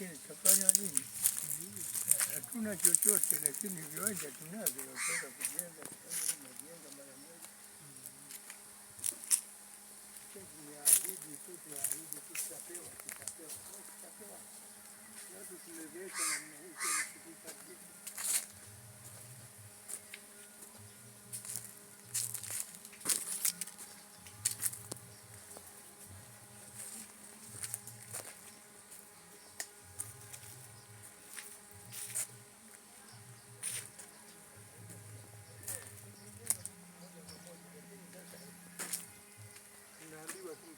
lakini tafanya nini? Hatuna chochote, lakini viwanja tunavyo, wataka kujenga majenga mara moja. Tumeahidi tu, tuahidi tu, tutapewa, tutapewa, tutapewa, watu tumeviweka namna